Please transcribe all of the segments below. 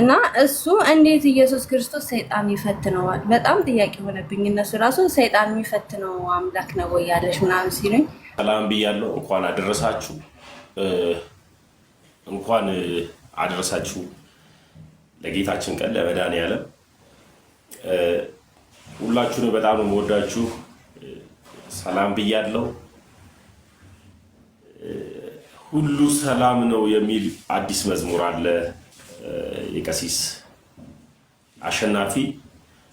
እና እሱ እንዴት ኢየሱስ ክርስቶስ ሰይጣን ይፈትነዋል? በጣም ጥያቄ ሆነብኝ። እነሱ ራሱ ሰይጣን የሚፈትነው አምላክ ነው ወይ ያለሽ ምናምን ሲሉኝ ሰላም ብያለሁ። እንኳን አደረሳችሁ፣ እንኳን አደረሳችሁ ለጌታችን ቀን ለመድኃኔዓለም። ሁላችሁን በጣም ነው የምወዳችሁ። ሰላም ብያለሁ። ሁሉ ሰላም ነው የሚል አዲስ መዝሙር አለ የቀሲስ አሸናፊ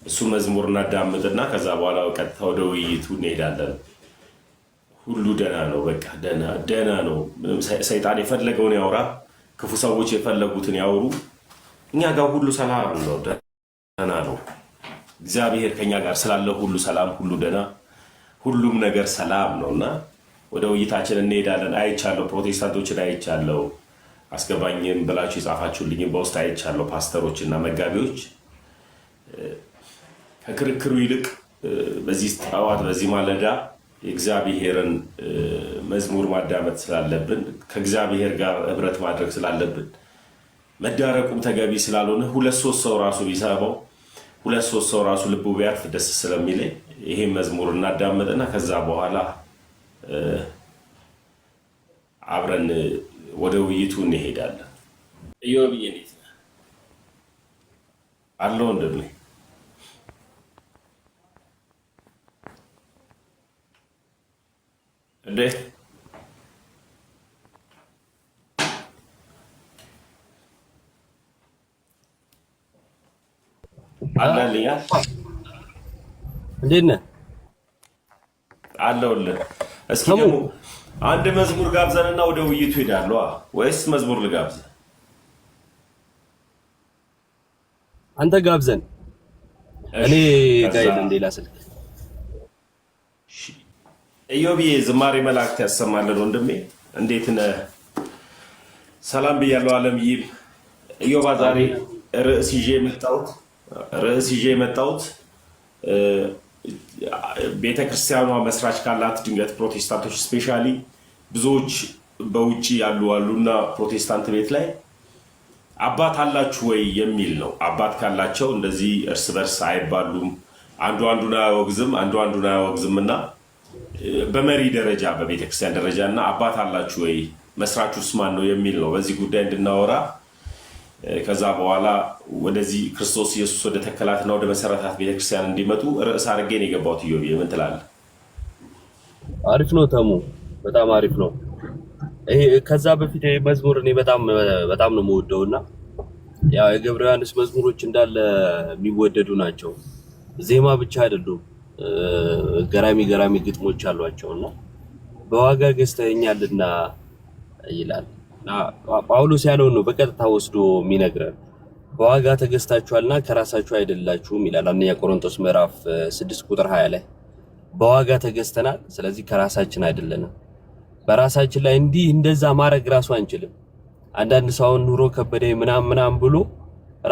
እሱ መዝሙር እናዳምጥና ከዛ በኋላ ቀጥታ ወደ ውይይቱ እንሄዳለን። ሁሉ ደህና ነው፣ በቃ ደህና ነው። ሰይጣን የፈለገውን ያውራ፣ ክፉ ሰዎች የፈለጉትን ያውሩ፣ እኛ ጋር ሁሉ ሰላም ነው፣ ደህና ነው። እግዚአብሔር ከኛ ጋር ስላለ ሁሉ ሰላም፣ ሁሉ ደህና፣ ሁሉም ነገር ሰላም ነው እና ወደ ውይይታችን እንሄዳለን። አይቻለሁ፣ ፕሮቴስታንቶችን አይቻለሁ። አስገባኝም ብላችሁ የጻፋችሁልኝ በውስጥ አይቻለሁ። ፓስተሮች እና መጋቢዎች ከክርክሩ ይልቅ በዚህ ጠዋት በዚህ ማለዳ የእግዚአብሔርን መዝሙር ማዳመጥ ስላለብን ከእግዚአብሔር ጋር ህብረት ማድረግ ስላለብን መዳረቁም ተገቢ ስላልሆነ ሁለት ሶስት ሰው ራሱ ቢሰማው ሁለት ሶስት ሰው ራሱ ልቡ ቢያርፍ ደስ ስለሚለኝ ይሄን መዝሙር እናዳመጥና ከዛ በኋላ አብረን ወደ ውይይቱ እንሄዳለን። እዮብዬ እንዴት ነህ? አለሁ ወንድሜ። እንዴት አላልኛል? እንዴት ነህ? አለሁልህ። እስኪ ደግሞ አንድ መዝሙር ጋብዘንና ወደ ውይይቱ ሄዳለሁ። ወይስ መዝሙር ልጋብዘ? አንተ ጋብዘን፣ እኔ ጋይል ሌላ ስልክ ኢዮብዬ ዝማሬ መላእክት ያሰማልን ወንድሜ፣ እንዴት ነህ? ሰላም ብያለሁ። አለምዬም ኢዮባ፣ ዛሬ ርዕስ ይዤ የመጣሁት ርዕስ ይዤ የመጣሁት ቤተክርስቲያኗ መስራች ካላት ድንገት ፕሮቴስታንቶች ስፔሻሊ ብዙዎች በውጭ ያሉ አሉና ፕሮቴስታንት ቤት ላይ አባት አላችሁ ወይ የሚል ነው። አባት ካላቸው እንደዚህ እርስ በርስ አይባሉም። አንዱ አንዱን አያወግዝም፣ አንዱ አንዱን አያወግዝም እና በመሪ ደረጃ በቤተክርስቲያን ደረጃ እና አባት አላችሁ ወይ መስራቹስ ማን ነው የሚል ነው። በዚህ ጉዳይ እንድናወራ ከዛ በኋላ ወደዚህ ክርስቶስ ኢየሱስ ወደ ተከላትና ወደ መሰረታት ቤተክርስቲያን እንዲመጡ ርዕስ አድርጌን የገባሁት ዮብ ምን ትላለህ? አሪፍ ነው ተሙ በጣም አሪፍ ነው። ይሄ ከዛ በፊት መዝሙር እኔ በጣም በጣም ነው የምወደው እና ያው የገብረ ዮሐንስ መዝሙሮች እንዳለ የሚወደዱ ናቸው። ዜማ ብቻ አይደሉም፣ ገራሚ ገራሚ ግጥሞች አሏቸው እና በዋጋ ገዝተኛልና ይላል ጳውሎስ ያለውን ነው በቀጥታ ወስዶ የሚነግረን። በዋጋ ተገዝታችኋልና ከራሳችሁ አይደላችሁም ይላል አንደኛ ቆሮንቶስ ምዕራፍ 6 ቁጥር 20 ላይ በዋጋ ተገዝተናል፣ ስለዚህ ከራሳችን አይደለንም። በራሳችን ላይ እንዲህ እንደዛ ማድረግ ራሱ አንችልም። አንዳንድ ሰው ኑሮ ከበደ ምናም ምናም ብሎ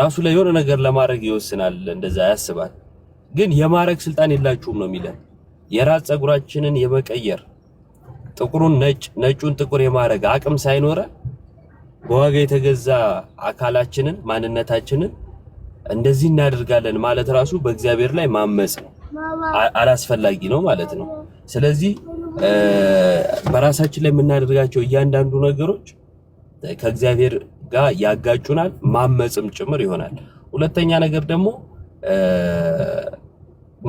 ራሱ ላይ የሆነ ነገር ለማድረግ ይወስናል፣ እንደዛ ያስባል። ግን የማድረግ ስልጣን የላችሁም ነው የሚለን። የራስ ጸጉራችንን የመቀየር ጥቁሩን ነጭ፣ ነጩን ጥቁር የማድረግ አቅም ሳይኖረ በዋጋ የተገዛ አካላችንን ማንነታችንን እንደዚህ እናደርጋለን ማለት ራሱ በእግዚአብሔር ላይ ማመጽ ነው፣ አላስፈላጊ ነው ማለት ነው። ስለዚህ በራሳችን ላይ የምናደርጋቸው እያንዳንዱ ነገሮች ከእግዚአብሔር ጋር ያጋጩናል፣ ማመፅም ጭምር ይሆናል። ሁለተኛ ነገር ደግሞ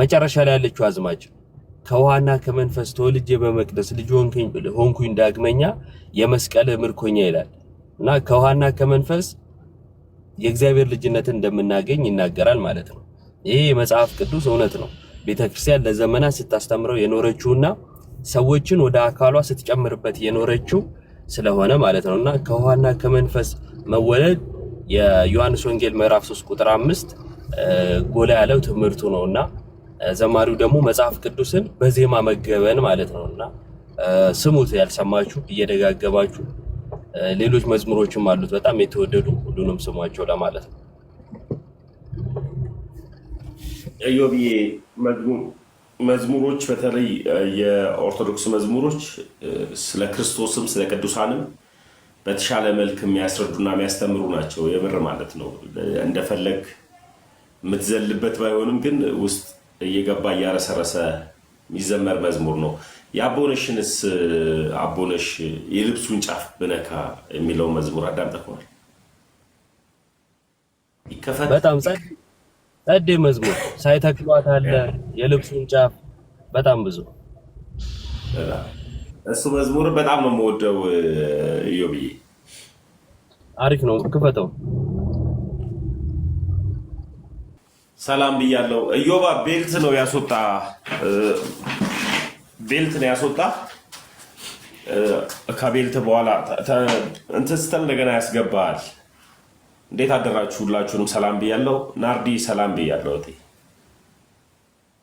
መጨረሻ ላይ ያለችው አዝማች ከውሃና ከመንፈስ ተወልጄ በመቅደስ ልጅ ሆንኩኝ ዳግመኛ የመስቀል ምርኮኛ ይላል እና ከውሃና ከመንፈስ የእግዚአብሔር ልጅነትን እንደምናገኝ ይናገራል ማለት ነው። ይሄ የመጽሐፍ ቅዱስ እውነት ነው። ቤተክርስቲያን ለዘመናት ስታስተምረው የኖረችውና ሰዎችን ወደ አካሏ ስትጨምርበት የኖረችው ስለሆነ ማለት ነው እና ከውሃና ከመንፈስ መወለድ የዮሐንስ ወንጌል ምዕራፍ 3 ቁጥር አምስት ጎላ ያለው ትምህርቱ ነው እና ዘማሪው ደግሞ መጽሐፍ ቅዱስን በዜማ መገበን ማለት ነው እና ስሙት፣ ያልሰማችሁ እየደጋገባችሁ። ሌሎች መዝሙሮችም አሉት በጣም የተወደዱ ሁሉንም ስሟቸው ለማለት ነው። እዮብዬ መዝሙር መዝሙሮች በተለይ የኦርቶዶክስ መዝሙሮች ስለ ክርስቶስም ስለ ቅዱሳንም በተሻለ መልክ የሚያስረዱና የሚያስተምሩ ናቸው። የምር ማለት ነው። እንደፈለግ የምትዘልበት ባይሆንም ግን ውስጥ እየገባ እያረሰረሰ የሚዘመር መዝሙር ነው። የአቦነሽንስ አቦነሽ የልብሱን ጫፍ ብነካ የሚለው መዝሙር አዳምጠኸዋል? ይከፈት በጣም ጠዴ መዝሙር ሳይተክሏት አለ የልብሱን ጫፍ በጣም ብዙ እሱ መዝሙር በጣም ነው የምወደው። ዮብዬ አሪፍ ነው፣ ክፈተው። ሰላም ብያለው። እዮባ ቤልት ነው ያስወጣ፣ ቤልት ነው ያስወጣ። ከቤልት በኋላ እንትን ስትል እንደገና ያስገባል። እንዴት አደራችሁ? ሁላችሁንም ሰላም ብያለሁ። ናርዲ ሰላም ብያለሁ። እቴ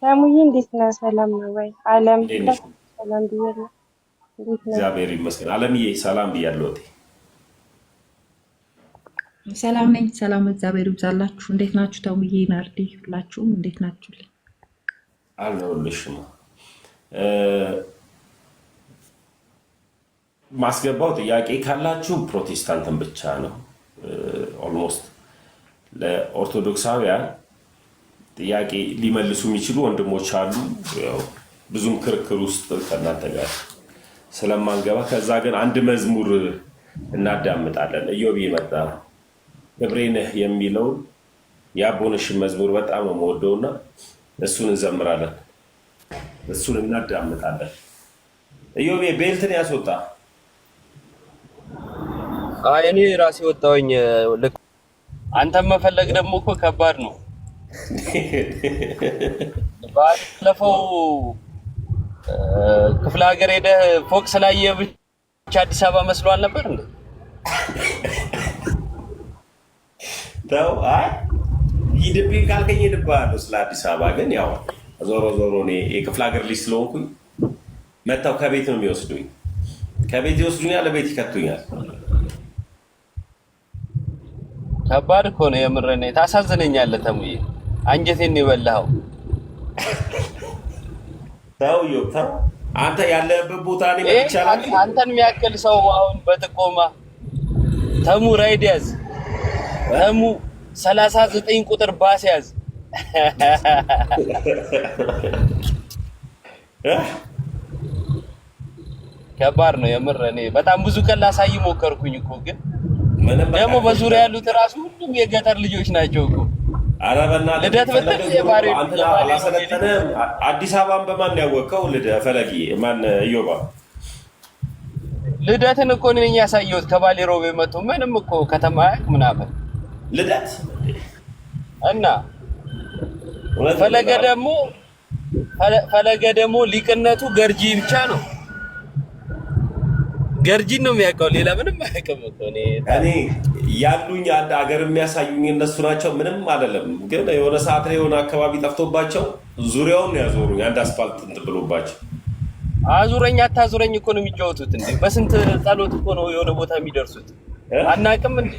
ሰሙዬ እንዴት ነህ? ሰላም ነው ወይ? አለም ሰላም ብያለሁ። እግዚአብሔር ይመስገን። አለምዬ ሰላም ብያለሁ። እቴ ሰላም ነኝ። ሰላም እግዚአብሔር ይብዛላችሁ። እንዴት ናችሁ? ተሙዬ፣ ናርዲ ሁላችሁም እንዴት ናችሁልኝ? አለሁልሽ ነው ማስገባው ጥያቄ ካላችሁ ፕሮቴስታንትን ብቻ ነው ኦልሞስት uh, ለኦርቶዶክሳውያን ጥያቄ ሊመልሱ የሚችሉ ወንድሞች አሉ። ብዙም ክርክር ውስጥ ከእናንተ ጋር ስለማንገባ ከዛ ግን አንድ መዝሙር እናዳምጣለን። እዮብ መጣ እብሬነህ የሚለውን የአቦነሽን መዝሙር በጣም ነው የምወደውና እሱን እንዘምራለን፣ እሱን እናዳምጣለን። እዮቤ ቤልትን ያስወጣ አይ እኔ ራሴ ወጣሁኝ። ልክ አንተ መፈለግ ደግሞ እኮ ከባድ ነው። ባለፈው ክፍለ ሀገር ሄደህ ፎቅ ስላየህ ብቻ አዲስ አበባ መስሏል ነበር እንዴ? ተው አይ ሂድብኝ ካልከኝ ሄድብሃለሁ። ስለ አዲስ አበባ ግን ያው ዞሮ ዞሮ እኔ የክፍለ ሀገር ልጅ ስለሆንኩኝ መጥተው ከቤት ነው የሚወስዱኝ። ከቤት ይወስዱኛል፣ ለቤት ይከቱኛል። ከባድ እኮ ነው የምረኔ። ታሳዝነኛለህ ተሙዬ፣ አንጀቴን የበላኸው ተውዬው። አንተ ያለህበት ቦታ ላይ ይቻላል። አንተን የሚያክል ሰው አሁን በጥቆማ ተሙ ራይድ ያዝ፣ ተሙ 39 ቁጥር ባስ ያዝ። ከባድ ነው የምር። እኔ በጣም ብዙ ቀን ላሳይ ሞከርኩኝ እኮ ግን ደግሞ በዙሪያ ያሉት ራሱ ሁሉም የገጠር ልጆች ናቸው እኮ። ኧረ በእናትህ ልደት ብትል የባሬ አላሰለጠነህም። አዲስ አበባን በማን ያወቅኸው? ልደት ፈለጊ ማን እዮባ ልደትን እኮ ነኝ ያሳየሁት። ከባሌ ሮቤ መጡ። ምንም እኮ ከተማ ያቅ ምናምን ልደት እና ፈለገ ደግሞ ፈለገ ደግሞ ሊቅነቱ ገርጂ ብቻ ነው። ገርጂን ነው የሚያውቀው፣ ሌላ ምንም አያውቅም እኮ። እኔ ያሉኝ አንድ ሀገር የሚያሳዩኝ እነሱ ናቸው። ምንም አይደለም፣ ግን የሆነ ሰዓት ላይ የሆነ አካባቢ ጠፍቶባቸው ዙሪያውን ያዞሩ አንድ አስፋልት እንትን ብሎባቸው አዙረኝ አታዙረኝ እኮ ነው የሚጫወቱት። እንደ በስንት ጸሎት እኮ ነው የሆነ ቦታ የሚደርሱት። አናውቅም እንደ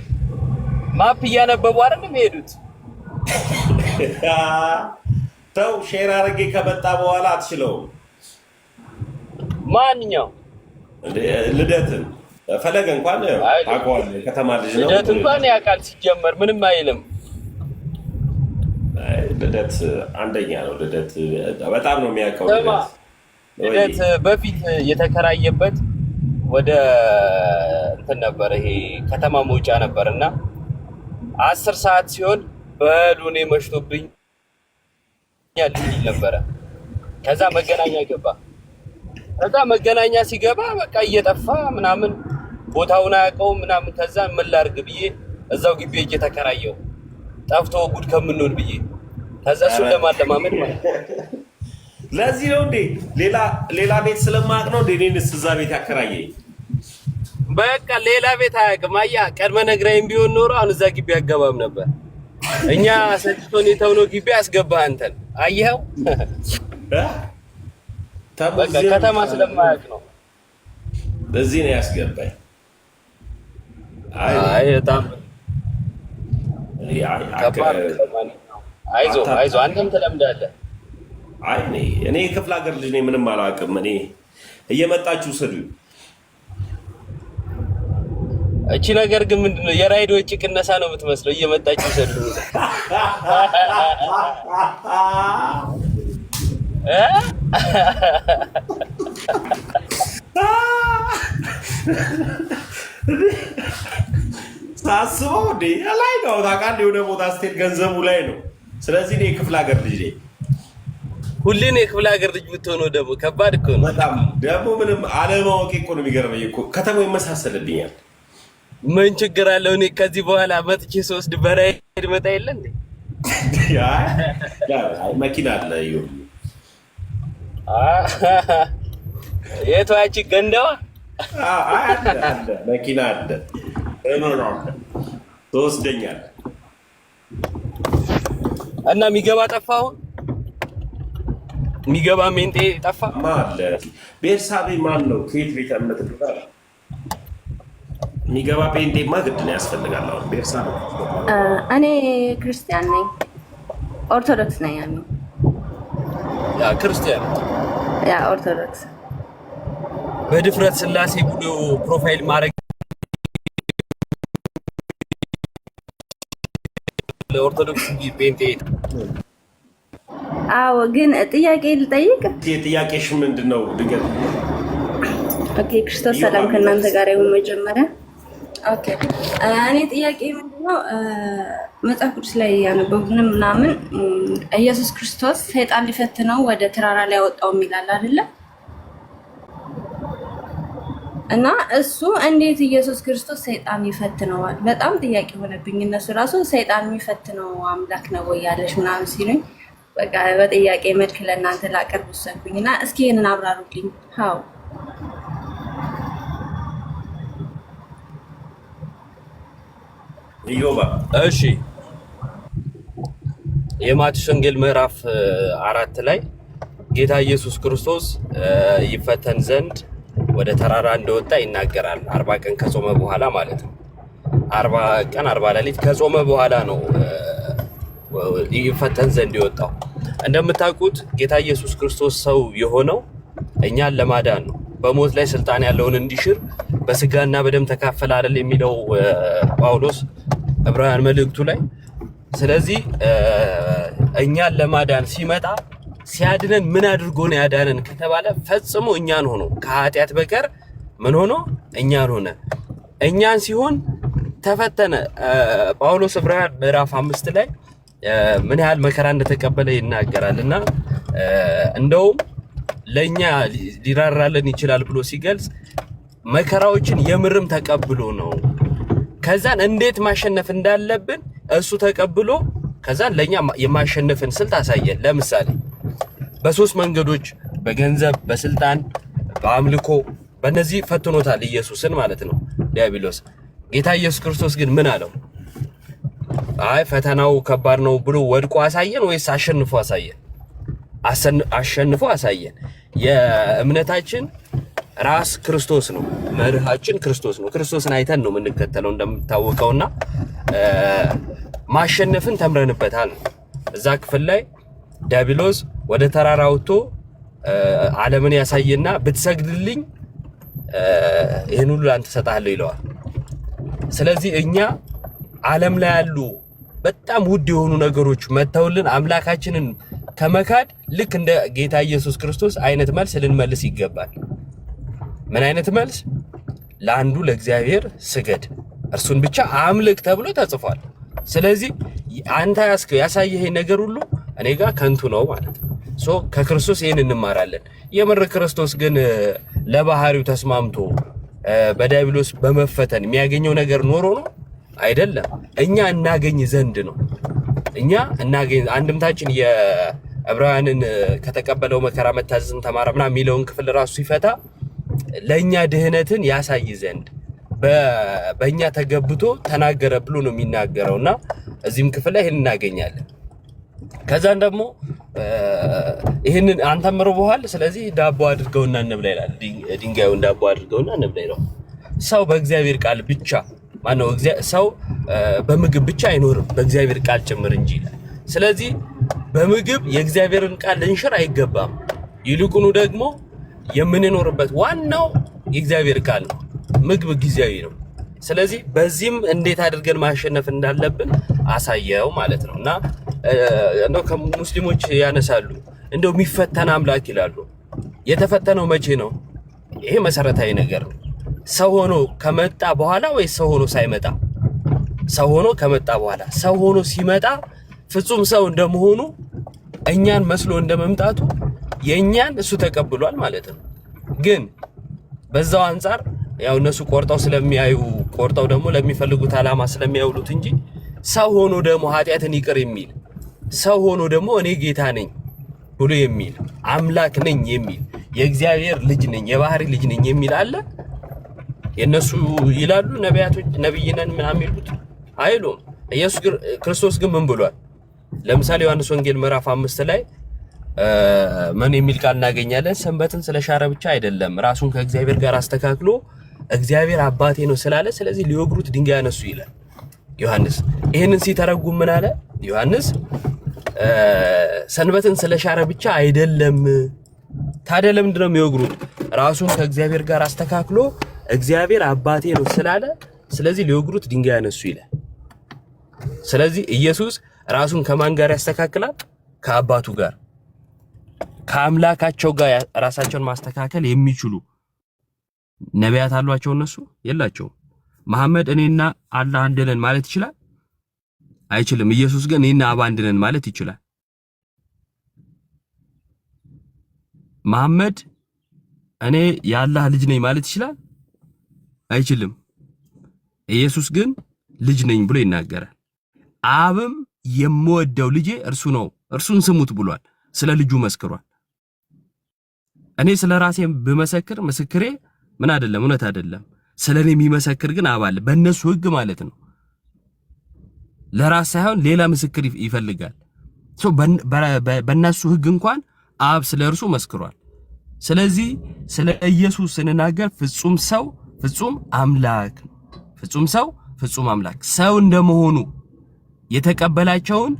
ማፕ እያነበቡ አይደል የሚሄዱት። ተው ሼር አድርጌ ከመጣ በኋላ አትችለውም ማንኛው ልደትን ፈለገ እንኳን አቋል ከተማ ልጅ ነው። ልደት እንኳን ያውቃል። ሲጀመር ምንም አይልም። ልደት አንደኛ ነው። ልደት በጣም ነው የሚያውቀው። ልደት በፊት የተከራየበት ወደ እንትን ነበር፣ ይሄ ከተማ መውጫ ነበር እና አስር ሰዓት ሲሆን በሉኔ መሽቶብኝ ነበረ። ከዛ መገናኛ ገባ ከዛ መገናኛ ሲገባ በቃ እየጠፋ ምናምን ቦታውን አያውቀውም ምናምን። ከዛ ምን ላድርግ ብዬ እዛው ግቢ እጅ ተከራየው ጠፍቶ ጉድ ከምንሆን ብዬ ከዛ እሱን ለማለማመድ ማለት ለዚህ ነው እንዴ ሌላ ሌላ ቤት ስለማያውቅ ነው እንዴ እኔንስ እዛ ቤት ያከራየኝ። በቃ ሌላ ቤት አያውቅም። አያ ቀድመ ነግራይም ቢሆን ኖሮ አሁን እዛ ግቢ አገባም ነበር። እኛ ሰጥቶን የተውነው ግቢ አስገባህ አንተን አየኸው ከተማ ስለማያውቅ ነው። በዚህ ነው ያስገባኝ። አይ በጣም አንተም ትለምዳለህ። አይ እኔ እኔ የክፍለ ሀገር ልጅ ነኝ፣ ምንም አላውቅም። እኔ እየመጣችሁ ስዱ። እቺ ነገር ግን ምንድን ነው የራይድ ወጪ ቅነሳ ነው የምትመስለው። እየመጣችሁ ሳስበው እንዴ ላይ ነው ታውቃለህ፣ የሆነ ቦታ ስትሄድ ገንዘቡ ላይ ነው። ስለዚህ እኔ የክፍለ ሀገር ልጅ ነኝ። ሁሌን የክፍለ ሀገር ልጅ ብትሆነው ደግሞ ከባድ እኮ ነው። በጣም ደግሞ ምንም እኮ ነው የሚገርመኝ እኮ ከተማው ይመሳሰልብኛል። ምን ችግር አለው? እኔ ከዚህ በኋላ መጥቼ ሶስት በራይ መጣ የለ መኪና አለ የቷ ያቺ ገንዳዋ መኪና አለ ትወስደኛለህ እና የሚገባ ጠፋ። አሁን የሚገባ ሜንጤ ጠፋ። አለ ቤርሳቤ ማን ነው? ከየት ቤት እምነት የሚገባ ማ ግድ ነው ያስፈልጋል። አሁን ቤርሳቤ እኔ ክርስቲያን ነኝ፣ ኦርቶዶክስ ነኝ። ክርስቲያን ያ ኦርቶዶክስ በድፍረት ስላሴ ብሎ ፕሮፋይል ማድረግ ለኦርቶዶክስ ጴንጤ አዎ ግን ጥያቄ ልጠይቅ። ጥያቄሽ ምንድን ነው? ድገት ኦኬ። ክርስቶስ ሰላም ከእናንተ ጋር ይሁን። መጀመሪያ ኦኬ፣ እኔ ጥያቄ ምንድን ነው መጽሐፍ ቅዱስ ላይ ያነበቡንም ምናምን ኢየሱስ ክርስቶስ ሰይጣን ሊፈትነው ወደ ተራራ ላይ ያወጣው የሚላል አይደለም። እና እሱ እንዴት ኢየሱስ ክርስቶስ ሰይጣን ይፈትነዋል? በጣም ጥያቄ ሆነብኝ። እነሱ ራሱ ሰይጣን የሚፈትነው አምላክ ነው ወያለሽ ምናምን ሲሉኝ በቃ በጥያቄ መልክ ለእናንተ ላቀርብ ወሰንኩኝ እና እስኪ ይህንን አብራሩልኝ። ሀው እዮባ እሺ የማቴዎስ ወንጌል ምዕራፍ አራት ላይ ጌታ ኢየሱስ ክርስቶስ ይፈተን ዘንድ ወደ ተራራ እንደወጣ ይናገራል። አርባ ቀን ከጾመ በኋላ ማለት ነው። አርባ ቀን አርባ ሌሊት ከጾመ በኋላ ነው ይፈተን ዘንድ የወጣው። እንደምታውቁት ጌታ ኢየሱስ ክርስቶስ ሰው የሆነው እኛን ለማዳን ነው። በሞት ላይ ስልጣን ያለውን እንዲሽር በስጋና በደም ተካፈለ አይደል የሚለው ጳውሎስ ዕብራውያን መልእክቱ ላይ ስለዚህ እኛን ለማዳን ሲመጣ ሲያድነን ምን አድርጎ ነው ያዳነን ከተባለ ፈጽሞ እኛን ሆኖ ከኃጢአት በቀር ምን ሆኖ እኛን ሆነ እኛን ሲሆን ተፈተነ። ጳውሎስ ዕብራውያን ምዕራፍ አምስት ላይ ምን ያህል መከራ እንደተቀበለ ይናገራል እና እንደውም ለእኛ ሊራራልን ይችላል ብሎ ሲገልጽ መከራዎችን የምርም ተቀብሎ ነው። ከዛን እንዴት ማሸነፍ እንዳለብን እሱ ተቀብሎ ከዛ ለኛ የማሸነፍን ስልት አሳየን። ለምሳሌ በሶስት መንገዶች በገንዘብ፣ በስልጣን፣ በአምልኮ በእነዚህ ፈትኖታል ኢየሱስን ማለት ነው ዲያብሎስ። ጌታ ኢየሱስ ክርስቶስ ግን ምን አለው? አይ ፈተናው ከባድ ነው ብሎ ወድቆ አሳየን ወይስ አሸንፎ አሳየን? አሸንፎ አሳየን። የእምነታችን ራስ ክርስቶስ ነው፣ መርሃችን ክርስቶስ ነው። ክርስቶስን አይተን ነው የምንከተለው እንደምታወቀውና ማሸነፍን ተምረንበታል። እዛ ክፍል ላይ ዲያብሎስ ወደ ተራራ ወጥቶ ዓለምን ያሳየና ብትሰግድልኝ ይህን ሁሉ ላንተ ይለዋል። ስለዚህ እኛ ዓለም ላይ ያሉ በጣም ውድ የሆኑ ነገሮች መተውልን አምላካችንን ከመካድ ልክ እንደ ጌታ ኢየሱስ ክርስቶስ አይነት መልስ ልንመልስ ይገባል። ምን አይነት መልስ? ለአንዱ ለእግዚአብሔር ስገድ፣ እርሱን ብቻ አምልክ ተብሎ ተጽፏል። ስለዚህ አንተ ያሳየህ ነገር ሁሉ እኔ ጋር ከንቱ ነው ማለት ነው። ሶ ከክርስቶስ ይህን እንማራለን። የምር ክርስቶስ ግን ለባህሪው ተስማምቶ በዲያብሎስ በመፈተን የሚያገኘው ነገር ኖሮ ነው አይደለም። እኛ እናገኝ ዘንድ ነው። እኛ እናገኝ አንድምታችን የዕብራውያንን ከተቀበለው መከራ መታዘዝን ተማረ ምናምን የሚለውን ክፍል ራሱ ሲፈታ ለእኛ ድህነትን ያሳይ ዘንድ በእኛ ተገብቶ ተናገረ ብሎ ነው የሚናገረው እና እዚህም ክፍል ላይ ይህን እናገኛለን። ከዛን ደግሞ ይህንን አንተም ርቦሃል፣ ስለዚህ ዳቦ አድርገውና እንብላ ይላል። ድንጋዩን ዳቦ አድርገውና እንብላ ይለው። ሰው በእግዚአብሔር ቃል ብቻ ማነው? ሰው በምግብ ብቻ አይኖርም በእግዚአብሔር ቃል ጭምር እንጂ ይላል። ስለዚህ በምግብ የእግዚአብሔርን ቃል ልንሽር አይገባም። ይልቁኑ ደግሞ የምንኖርበት ዋናው የእግዚአብሔር ቃል ነው። ምግብ ጊዜያዊ ነው። ስለዚህ በዚህም እንዴት አድርገን ማሸነፍ እንዳለብን አሳየው ማለት ነው እና እንደው ከሙስሊሞች ያነሳሉ እንደው የሚፈተን አምላክ ይላሉ። የተፈተነው መቼ ነው? ይሄ መሰረታዊ ነገር ነው። ሰው ሆኖ ከመጣ በኋላ ወይ ሰው ሆኖ ሳይመጣ? ሰው ሆኖ ከመጣ በኋላ። ሰው ሆኖ ሲመጣ ፍጹም ሰው እንደመሆኑ እኛን መስሎ እንደመምጣቱ የእኛን እሱ ተቀብሏል ማለት ነው። ግን በዛው አንጻር ያው እነሱ ቆርጠው ስለሚያዩ ቆርጠው ደግሞ ለሚፈልጉት ዓላማ ስለሚያውሉት እንጂ ሰው ሆኖ ደግሞ ኃጢአትን ይቅር የሚል ሰው ሆኖ ደግሞ እኔ ጌታ ነኝ ብሎ የሚል አምላክ ነኝ የሚል የእግዚአብሔር ልጅ ነኝ የባህሪ ልጅ ነኝ የሚል አለ። የእነሱ ይላሉ ነቢያቶች ነብይነን ምናምን ይሉት አይሉም። ኢየሱስ ክርስቶስ ግን ምን ብሏል? ለምሳሌ ዮሐንስ ወንጌል ምዕራፍ አምስት ላይ ምን የሚል ቃል እናገኛለን? ሰንበትን ስለሻረ ብቻ አይደለም ራሱን ከእግዚአብሔር ጋር አስተካክሎ እግዚአብሔር አባቴ ነው ስላለ፣ ስለዚህ ሊወግሩት ድንጋይ አነሱ ይላል ዮሐንስ። ይህንን ሲተረጉም ምን አለ ዮሐንስ? ሰንበትን ስለሻረ ብቻ አይደለም። ታዲያ ለምንድን ነው የሚወግሩት? ራሱን ከእግዚአብሔር ጋር አስተካክሎ እግዚአብሔር አባቴ ነው ስላለ፣ ስለዚህ ሊወግሩት ድንጋይ አነሱ ይላል። ስለዚህ ኢየሱስ ራሱን ከማን ጋር ያስተካክላል? ከአባቱ ጋር ከአምላካቸው ጋር ራሳቸውን ማስተካከል የሚችሉ ነቢያት አሏቸው እነሱ የላቸውም። መሐመድ እኔና አላህ አንድ ነን ማለት ይችላል? አይችልም። ኢየሱስ ግን እኔና አባ አንድ ነን ማለት ይችላል። መሐመድ እኔ የአላህ ልጅ ነኝ ማለት ይችላል? አይችልም። ኢየሱስ ግን ልጅ ነኝ ብሎ ይናገራል። አብም የምወደው ልጄ እርሱ ነው፣ እርሱን ስሙት ብሏል። ስለ ልጁ መስክሯል። እኔ ስለ ራሴ ብመሰክር ምስክሬ ምን አይደለም፣ እውነት አይደለም። ስለኔ የሚመሰክር ግን አባል በእነሱ ህግ ማለት ነው። ለራስ ሳይሆን ሌላ ምስክር ይፈልጋል። በእነሱ ህግ እንኳን አብ ስለ እርሱ መስክሯል። ስለዚህ ስለ ኢየሱስ ስንናገር ፍጹም ሰው ፍጹም አምላክ ፍጹም ሰው ፍጹም አምላክ ሰው እንደመሆኑ የተቀበላቸውን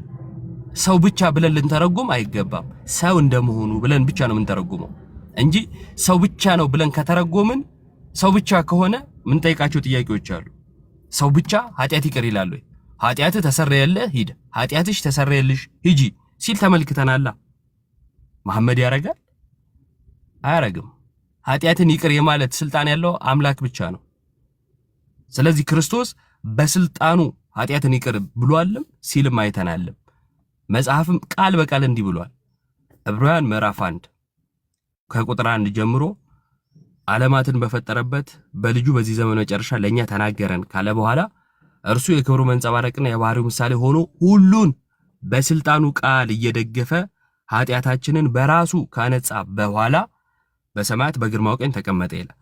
ሰው ብቻ ብለን ልንተረጉም አይገባም። ሰው እንደመሆኑ ብለን ብቻ ነው የምንተረጉመው እንጂ ሰው ብቻ ነው ብለን ከተረጎምን ሰው ብቻ ከሆነ የምንጠይቃቸው ጥያቄዎች አሉ። ሰው ብቻ ኃጢአት ይቅር ይላል ወይ? ኃጢአት ተሰረየልህ ሂድ፣ ኃጢአትሽ ተሰረየልሽ ሂጂ ሲል ተመልክተናላ። መሐመድ ያረጋል አያረግም? ኃጢአትን ይቅር የማለት ስልጣን ያለው አምላክ ብቻ ነው። ስለዚህ ክርስቶስ በስልጣኑ ኃጢአትን ይቅር ብሏልም ሲልም አይተናልም። መጽሐፍም ቃል በቃል እንዲህ ብሏል። ዕብራውያን ምዕራፍ አንድ ከቁጥር አንድ ጀምሮ ዓለማትን በፈጠረበት በልጁ በዚህ ዘመን መጨረሻ ለእኛ ተናገረን ካለ በኋላ እርሱ የክብሩ መንጸባረቅና የባህሪው ምሳሌ ሆኖ ሁሉን በስልጣኑ ቃል እየደገፈ ኃጢአታችንን በራሱ ካነጻ በኋላ በሰማያት በግርማው ቀኝ ተቀመጠ ይላል።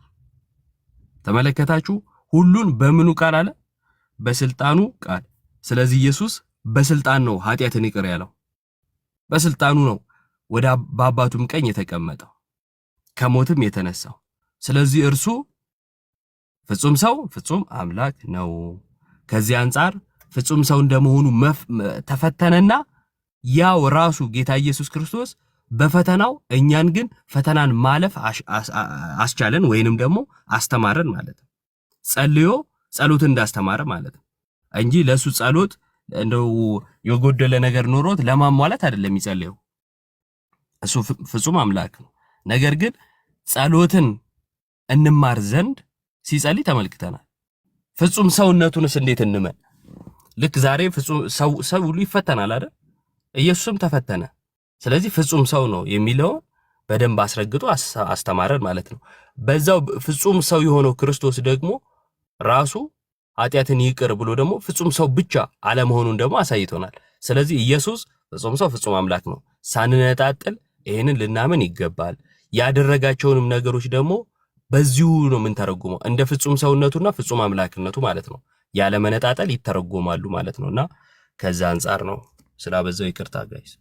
ተመለከታችሁ? ሁሉን በምኑ ቃል አለ? በስልጣኑ ቃል። ስለዚህ ኢየሱስ በስልጣን ነው ኃጢአትን ይቅር ያለው፣ በስልጣኑ ነው ወደ በአባቱም ቀኝ የተቀመጠው ከሞትም የተነሳው። ስለዚህ እርሱ ፍጹም ሰው ፍጹም አምላክ ነው። ከዚህ አንጻር ፍጹም ሰው እንደመሆኑ ተፈተነና ያው ራሱ ጌታ ኢየሱስ ክርስቶስ በፈተናው እኛን ግን ፈተናን ማለፍ አስቻለን ወይንም ደግሞ አስተማረን ማለት ነው። ጸልዮ ጸሎት እንዳስተማረ ማለት ነው እንጂ ለሱ ጸሎት እንደው የጎደለ ነገር ኖሮት ለማሟላት አይደለም የሚጸልየው። እሱ ፍጹም አምላክ ነው። ነገር ግን ጸሎትን እንማር ዘንድ ሲጸልይ ተመልክተናል። ፍጹም ሰውነቱንስ እንዴት እንመን? ልክ ዛሬ ፍጹም ሰው ሰው ሁሉ ይፈተናል አይደል? ኢየሱስም ተፈተነ። ስለዚህ ፍጹም ሰው ነው የሚለውን በደንብ አስረግጦ አስተማረን ማለት ነው። በዛው ፍጹም ሰው የሆነው ክርስቶስ ደግሞ ራሱ ኃጢአትን ይቅር ብሎ ደግሞ ፍጹም ሰው ብቻ አለመሆኑን ደግሞ አሳይቶናል። ስለዚህ ኢየሱስ ፍጹም ሰው ፍጹም አምላክ ነው ሳንነጣጥል ይህንን ልናምን ይገባል። ያደረጋቸውንም ነገሮች ደግሞ በዚሁ ነው የምንተረጉመው እንደ ፍጹም ሰውነቱና ፍጹም አምላክነቱ ማለት ነው። ያለመነጣጠል ይተረጎማሉ ማለት ነው። እና ከዛ አንጻር ነው ስላበዛው ይቅርታ ጋይስ።